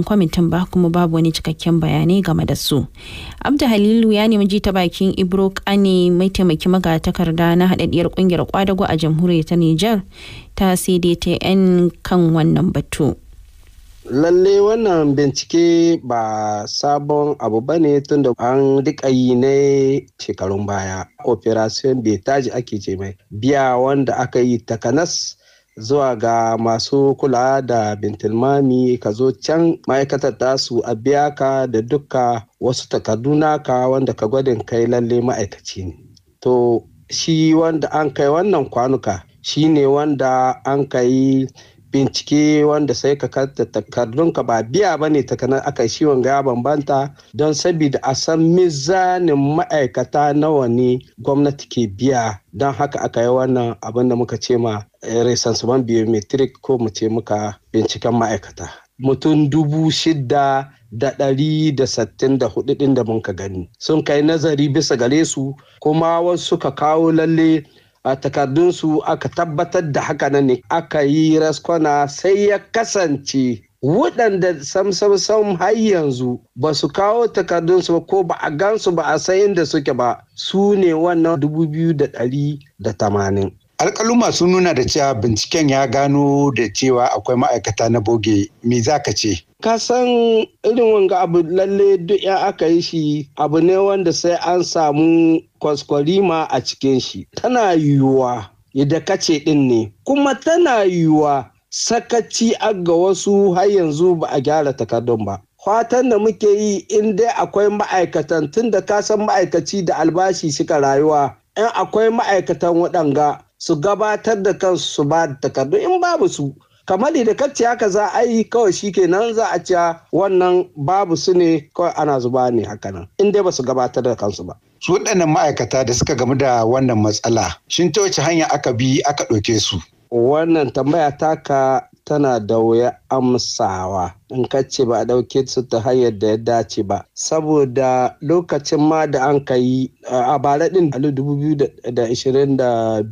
shugaban kwamitin ba kuma babu wani cikakken bayanai game da su abda halilu ya nemi ji ta bakin ibro kane mai taimaki magatakarda na hadaddiyar ƙungiyar kwadago a jamhuriyar ta niger ta CDTN yan kan wannan batu lalle wannan bincike ba sabon abu ba ne tun da an duka yi ne shekarun baya operation betaji ake ce mai biya wanda aka yi takanas zuwa ga masu kula da bintilmami ka zo can ma'aikatar tasu a biya ka da dukka wasu takardu naka wanda ka gwadin kai lalle ma'aikaci ne to shi wanda an kai wannan kwanuka shi ne wanda an kai bincike wanda sai ka karta takardunka ba biya ba ne takanar aka shi wanga bambanta don sabida a san mizanin ma'aikata nawa ne gwamnati ke biya don haka aka yi wannan abin da muka ce ma eh, resansuman biometric ko mu ce muka binciken ma'aikata mutum dubu shida da ɗari da sattin da hudu ɗin da muka gani sun kai nazari bisa gare su kuma wasu suka kawo lalle a takardunsu aka tabbatar da haka nan ne aka yi raskwana sai ya kasance waɗanda sam-sam-sam har yanzu ba su kawo takardunsu ba ko ba a gansu ba a san inda suke ba su ne wannan dubu da ɗari da tamanin alƙaluma sun nuna da cewa binciken ya gano da cewa akwai ma'aikata na boge me za ka ce ka san irin wanga abu lalle duk ya aka yi shi abu ne wanda sai an samu kwaskwarima a cikin shi tana yiwuwa yadda kace din ne kuma tana yiwuwa sakaci ga wasu har yanzu ba a gyara takardun ba fatan da muke yi in dai akwai ma'aikatan tun da ka san ma'aikaci da albashi suka rayuwa in akwai ma'aikatan waɗanga su gabatar da kansu su ba da takardu in babu su kamar da kacce haka za a yi kawai shi kenan za a ce wannan babu su ne kawai ana zuba ne haka nan in dai ba su gabatar da kansu ba. su waɗannan ma'aikata da suka gamu da wannan matsala shin ta wace hanya aka bi aka ɗauke su. wannan tambaya ta ka. tana da wuya amsawa in ka ce ba a ɗauke su ta hanyar da ya dace ba saboda lokacin ma da an ka yi a bara ɗin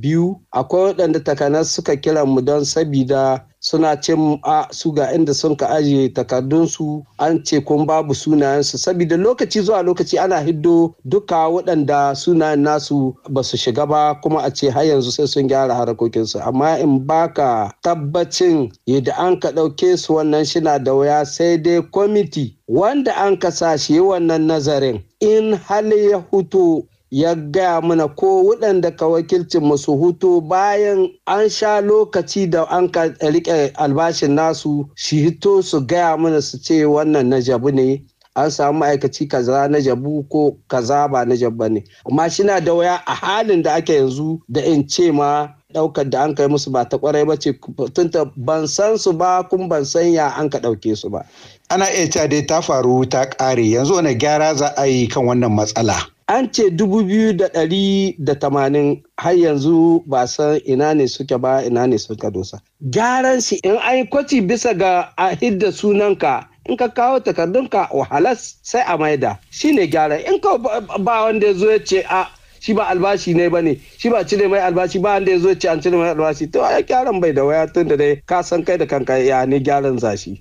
biyu akwai waɗanda takanas suka kira mu don sabida suna ce a su ga inda sun ka ajiye takardunsu an ce kun babu sunayensu saboda lokaci zuwa lokaci ana hiddo duka waɗanda sunayen nasu ba su shiga ba kuma a ce har yanzu sai sun gyara harakokinsu amma in baka tabbacin yadda an ka ɗauke su wannan shina da waya sai dai kwamiti wanda an ka sa wannan nazarin in hali ya hutu ya gaya mana ko waɗanda ka wakilcin masu hutu bayan an sha lokaci da an ka rike albashin nasu shi hito su gaya mana su ce wannan na jabu ne an samu ma'aikaci kaza na jabu ko kaza ba na jabu ne amma shina da waya a halin da ake yanzu da in ce ma daukar da an kai musu ba ta kwarai ba ce tunta ban san su ba kun ban san ya an ka dauke su ba ana iya ta dai ta faru ta ƙare, yanzu wani gyara za a yi kan wannan matsala an ce dubu biyu da ɗari da tamanin har yanzu ba san ina ne suke ba ina ne suka dosa gyaran shi in an yi kwaci bisa ga a hidda sunanka in ka kawo takardunka wahala sai a maida ne gyara in ka ba wanda ya zo ya ce a shi ba albashi ne ba ne shi ba cire mai albashi ba wanda ya zo ce an cire mai albashi to ai gyaran bai da waya tun da dai ka san kai da kanka ya ne gyaran zashi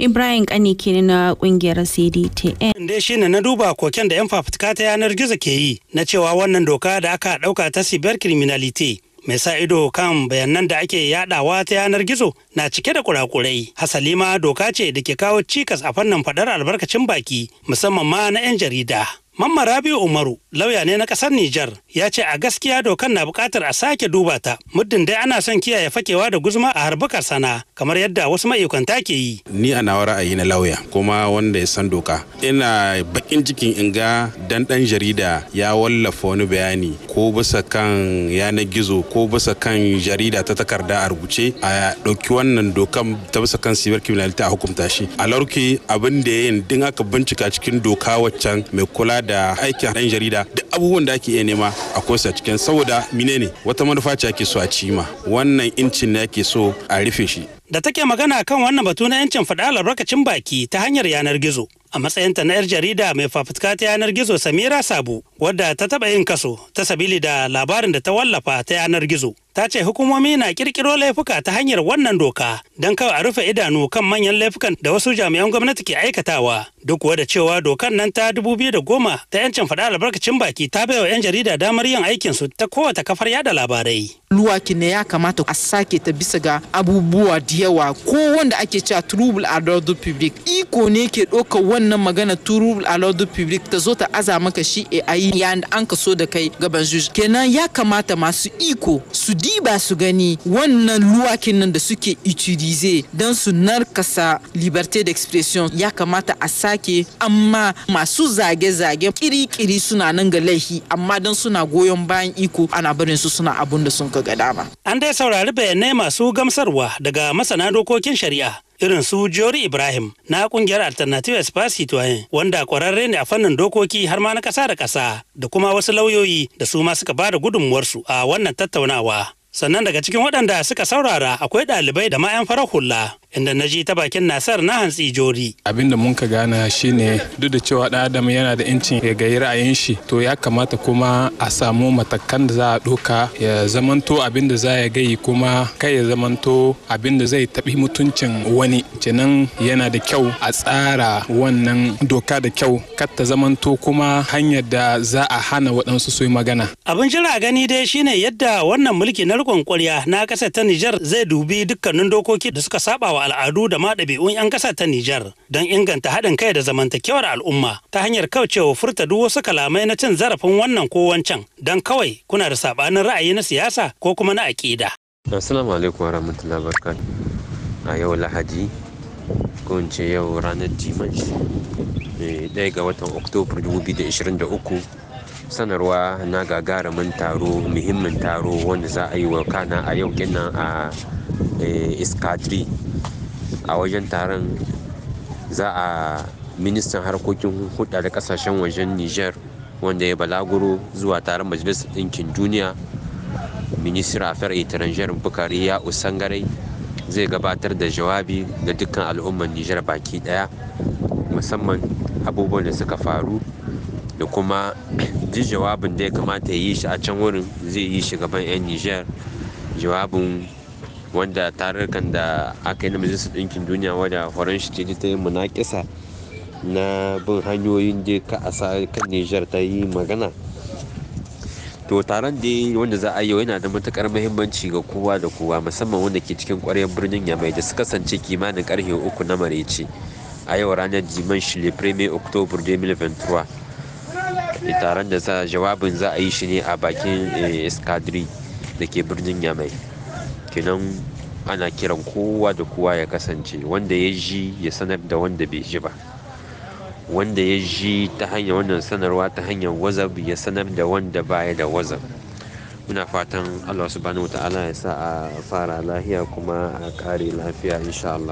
Ibrahim Kani kenan na kungiyar CDTN. Dai shine na duba koken da 'yan fafutuka ta yanar gizo ke yi na cewa wannan doka da aka dauka ta cyber criminality mai sa ido kan bayanan da ake yadawa ta yanar gizo na cike da kurakurai hasali ma doka ce da ke kawo cikas a fannin faɗar albarkacin baki musamman ma na 'yan jarida. Mamman Rabiu Umaru, lauya ne na ƙasar Nijar, ya ce a gaskiya dokan na buƙatar a sake duba ta, muddin dai ana son kiyaye fakewa da guzma a harbukar sana, kamar yadda wasu ma'aikanta ke yi. Ni a nawa ra'ayi na lauya, kuma wanda ya san doka. Ina bakin cikin in ga dan ɗan jarida ya wallafa wani bayani ko bisa kan yanar gizo ko bisa kan jarida ta takarda a rubuce a ɗauki wannan dokan ta bisa kan sibar criminality a hukunta shi. A larki abin da ya yin din aka bincika cikin doka waccan mai kula da aikin ɗan jarida duk abubuwan da ake iya nema a su cikin saboda menene wata manufa ce ake so a cima wannan incin ne ake so a rufe shi da take magana kan wannan batu na 'yancin faɗa albarkacin baki ta hanyar yanar gizo a matsayinta na 'yar jarida mai fafutuka ta yanar gizo samira sabu wadda ta taba yin kaso ta sabili da labarin da ta wallafa ta yanar gizo ta ce hukumomi na kirkiro laifuka ta hanyar wannan doka don kawai a rufe idanu kan manyan laifukan da wasu jami'an gwamnati ke aikatawa duk kuwa da cewa dokar nan ta dubu biyu da goma ta yancin faɗa albarkacin baki ta bai wa 'yan jarida damar yin aikin su ta kowace kafar yada labarai luwaki ne ya kamata a sake ta bisa ga abubuwa da yawa ko wanda ake cewa trouble adult public iko ne ke ɗaukar wannan magana turu a l'ordre public ta zo ta aza maka shi e ayi ya an kaso da kai gaban juji kenan ya kamata masu iko su diba su gani wannan luwakin nan da suke utilize don su narkasa liberté d'expression ya kamata a sake amma masu zage-zage kiri-kiri suna nan ga laifi amma don suna goyon bayan iko ana barin su suna abun da sun ka ga dama an dai saurari bayanai masu gamsarwa daga masana dokokin shari'a irin su Jori Ibrahim na kungiyar Alternative Espacito wanda kwararre ne a fannin dokoki har ma na kasa da kasa da kuma wasu lauyoyi da su ma suka bada gudunmuwarsu a wannan tattaunawa. Sannan daga cikin waɗanda suka saurara akwai ɗalibai da ma farar hula. inda na ji ta bakin nasar na hantsi jori abin da mun ka gana shine duk da cewa dan adam yana da incin ya gayi ra'ayin shi to ya kamata kuma a samu matakan da za a doka ya zamanto abin da za ya gayi kuma kai ya zamanto abin da zai taɓi mutuncin wani kenan yana da kyau a tsara wannan doka da kyau kar ta zamanto kuma hanyar da za a hana waɗansu su yi magana abin jira gani dai shine yadda wannan mulki na riƙon ƙwarya na ƙasar ta Nijar zai dubi dukkanin dokoki da suka saba al'adu da ma ɗabi'un 'yan ƙasa ta Nijar don inganta haɗin kai da zamantakewar al'umma ta hanyar kaucewa furta duk wasu kalamai na cin zarafin wannan ko wancan don kawai kuna da saɓanin ra'ayi na siyasa ko kuma na aƙida. Assalamu alaikum warahmatullahi wabarakatuh. A yau Lahadi ko in ce yau ranar Dimash eh, ɗaya ga watan Oktoba 2023 sanarwa na gagarumin taro muhimmin taro wanda za a yi wa kana a yau kenan a eh, iska a wajen taron za a ministan harkokin hudda da kasashen wajen niger wanda ya balaguro zuwa taron majalisar ɗinkin duniya ministan afiyar etranjiyar bukari ya usangarai zai gabatar da jawabi ga dukkan al'ummar niger baki ɗaya musamman abubuwan da suka faru da kuma duk jawabin da ya kamata ya yi shi a can wurin zai yi shugaban 'yan niger jawabin wanda tarurrukan da aka yi na majalisar ɗinkin duniya wadda horon shi ce ta yi munakisa na bin hanyoyin da ka sa kan nijar ta yi magana to taron da wanda za a yi yana da matukar muhimmanci ga kowa da kowa musamman wanda ke cikin ƙwaryar birnin yamai da su kasance kimanin karfe uku na marece a yau ranar jiman shile premier october 2023 eh, taron da za jawabin za a yi shi ne a bakin eh, eskadri da ke birnin yamai kenan ana kiran kowa da kowa ya kasance wanda ya ji ya sanar da wanda bai ji ba wanda ya ji ta hanyar wannan sanarwa ta hanyar wazab ya sanar da wanda baya da wazab muna fatan allah subhanahu wa ta'ala ya sa a fara lafiya kuma a kare lafiya insha allah